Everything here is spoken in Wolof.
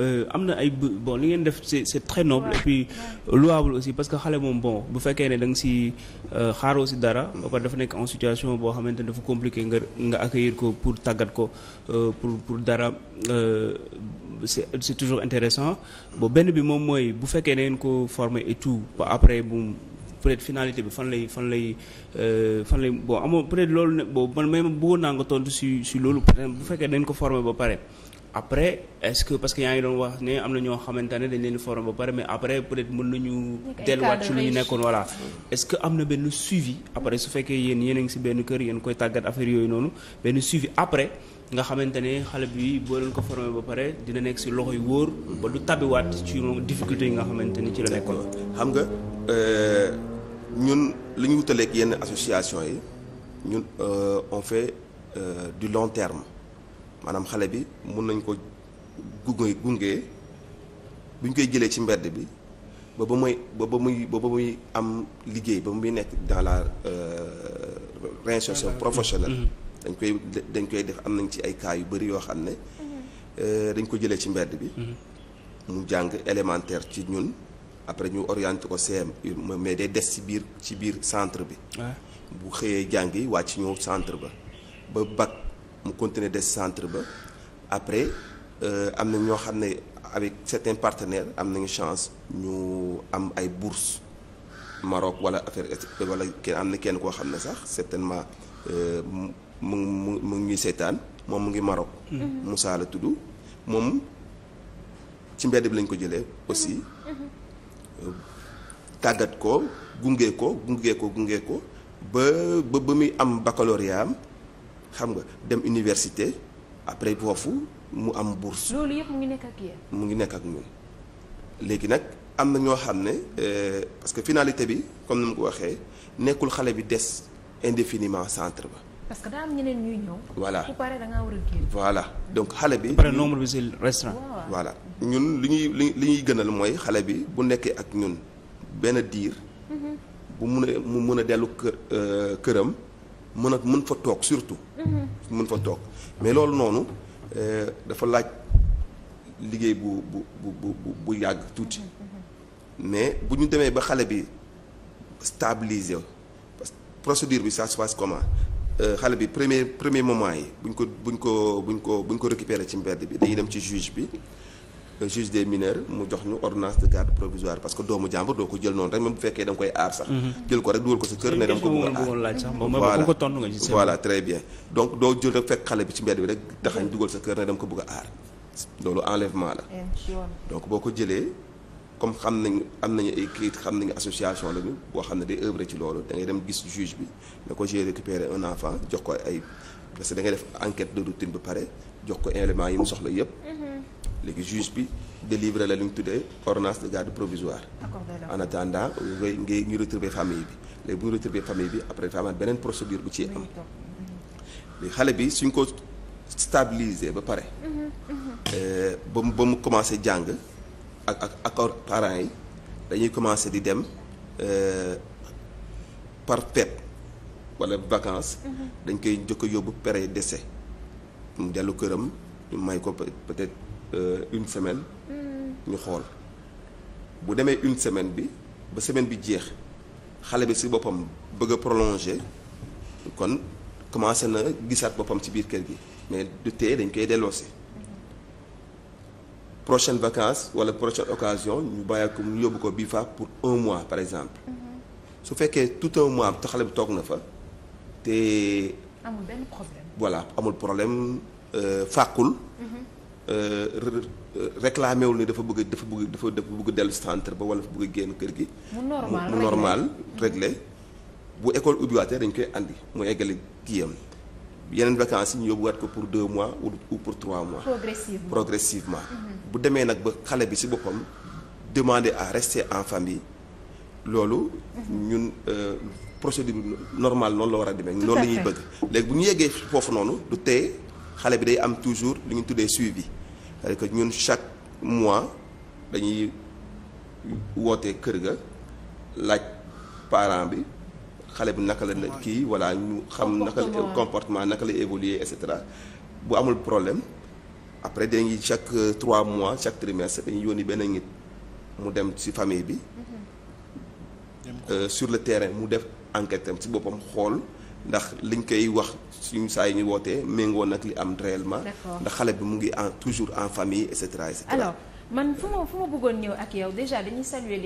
Euh, am na ay bon li ngeen def c'est c'est très noble et puis louable aussi parce que xale moom bon bu fekkee ne da nga si euh, xaaroo si dara ba pare dafa nekk en situation boo xamante ne dafa compliqué nga nga accueillir ko pour tàggat ko euh, pour pour dara c'est c'est toujours intéressant bon benn bi moom mooy bu fekkee ne ngeen ko former et après bu peut-être finalité bi fan lay fan lay fan lay bon amoo peut-être loolu ne boo man même bëggoon naa nga tontu si si loolu peut-être bu fekkee dañ ko former ba pare après est-ce que parce que yaa ngi doon wax ne am na ñoo xamante ne dañ leen di former ba pare mais après peut-être mën nañu delluwaat ci lu ñu nekkoon voilà est-ce que am na benn suivi après su fekkee yéen yéen a ngi si benn kër yéen koy tàggat affaire yooyu noonu benn suivi après nga xamante ne xale bi boo leen ko former ba pare dina nekk si loxo yu wóor ba du tabiwaat ci difficulté yi nga xamante ni ci la nekkoon xam nga euh, ñun li ñu wutaleeg yenn association yi ñun euh, on fait euh, du long terme maanaam xale bi mun nañ ko gunge gunge bu ñu koy jëlee ci mbedd bi ba ba muy ba ba muy am liggéey ba muy nekk dans la euh, réinsertion professionnelle mm-hmm. dañ koy dañ koy def am nañ ci ay cas yu bëri yoo xam ne euh, dañ ko jëlee ci mbedd bi mm-hmm. mu jàng élémentaire ci ñun après ñu orienté ko CM mais day des ci biir ci biir centre bi bu xëyee jàng yi wàcc ñëw centre ba ba bac mu continuer de centre ba après euh, am na ñoo xam ne avec certains partenaires am nañu chance ñu am ay bourses Maroc wala affaire wala kenn am na kenn koo xam ne sax certainement euh, mu mu mu ngi seetaan moom mu ngi Maroc. Mm-hmm. Moussa la tudd moom ci mbedd bi lañ ko jëlee aussi mm-hmm. euh, tàggat ko gunge ko gunge ko gunge ko ba ba muy am baccalauréat am xam nga dem université après foofu mu am bourse. loolu mu ngi nekk ak yéen. ñun léegi nag am na ñoo xam ne euh, parce que finalité bi comme ni mu ko waxee nekkul xale bi des indéfiniment centre ba. parce que voilà voilà donc xale bi. après nombre voilà ñun li ñuy li ñuy gënal mooy xale bi bu nekkee ak ñun benn diir. Mhm. bu mun a mu mun a dellu kë euh, këram. mën a mën fa toog surtout. mën fa toog mais loolu noonu euh, dafa laaj liggéey bu bu bu bu bu yàgg tuuti mais bu ñu demee ba xale bi stabiliser parce que procédure bi ça se passe comment euh, xale bi premier premier moment yi buñ ko buñ ko buñ ko buñ ko récupérer ci mbedd bi dañuy dem ci juge bi. juge des mineurs mu jox ñu ordonnance de garde provisoire parce que doomu jàmbur doo ko jël noonu rek même bu fekkee da nga koy aar sax. Mhm. jël ko rek dugal ko ko bëgg a aar sax voilà très bien donc doo fekk xale bi ci mbedd bi rek daxañ dugal sa kër ne da ko bëgg a aar loolu enlèvement la. donc boo ko jëlee comme xam nañ am nañu ay kayit xam nañu association lañu boo xam ne day œuvre ci loolu da ngay dem gis juge bi ne ko j'ai récupéré un enfant jox ko ay parce que da def enquête de routine ba pare jox ko éléments yi mu soxla yëpp. Mhm. léegi juge bi délivrer la lu ñu tuddee ordonnance de garde provisoire en attendant ngay ngay ñu retrouver famille bi léegi bu ñu famille bi après dafa amaat beneen procédure bu ci am xale bi suñ ko stabiliser ba pare mhm, mhm. Euh, ba mu ba mu commencé jàng ak ak accord parents yi dañuy commencé di dem euh, par fête wala vacances mhm. dañ koy jëkk yóbbu période d'essai mu dellu këram may ko peut-être Euh, une semaine. Mm. ñu xool bu demee une semaine bi ba semaine bi jeex xale bi si boppam bëgg a prolonger kon commencé na gisaat boppam si biir kër gi mais du tee dañ koy delloosi. prochaine vacances wala prochaine occasion ñu bàyyi ko mu yóbbu ko bii fa pour un mois par exemple. Mm-hmm. su fekkee tout un mois te xale bi toog na fa te. amul problème. voilà amul problème euh, fàqul. Mm-hmm. Euh, euh, réclamé wul ne dafa bëgg dafa bëgg dafa bëgg dellu centre ba wala dafa bëgg génn kër gi. mu normal mu normal mm-hmm. bu école ubbiwaatee dañ koy indi mooy eggale kiyam yeneen vacances yi ñu wat ko pour deux mois ou pour trois mois. progressivement progressivement. Mm-hmm. bu demee nag ba xale bi ci boppam demander à rester en famille loolu. Mm-hmm. ñun euh, procédure normale noonu la war a demee. noonu la ñuy bëgg léegi bu ñu yeggee foofu noonu lu teye xale bi day am toujours lu ñu tuddee suivi. cest que ñun chaque mois dañuy wootee kër ga laaj parent bi xale bi naka la kii voilà ñu xam naka comportement naka la évoluer et cetera bu amul problème après ngi chaque trois mois chaque trimestre dañuy yónni benn ngit mu dem ci famille bi mhm. euh, sur le terrain mu def enquête am ci boppam xool ndax liñ koy wax suñu saa yi ñu wootee méngoo nag li am réellement. ndax xale bi mu ngi en toujours en famille et cetera et cetera. man fu ma fu ma bëggoon ñëw ak yow déjà dañuy saluer